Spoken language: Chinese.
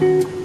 嗯。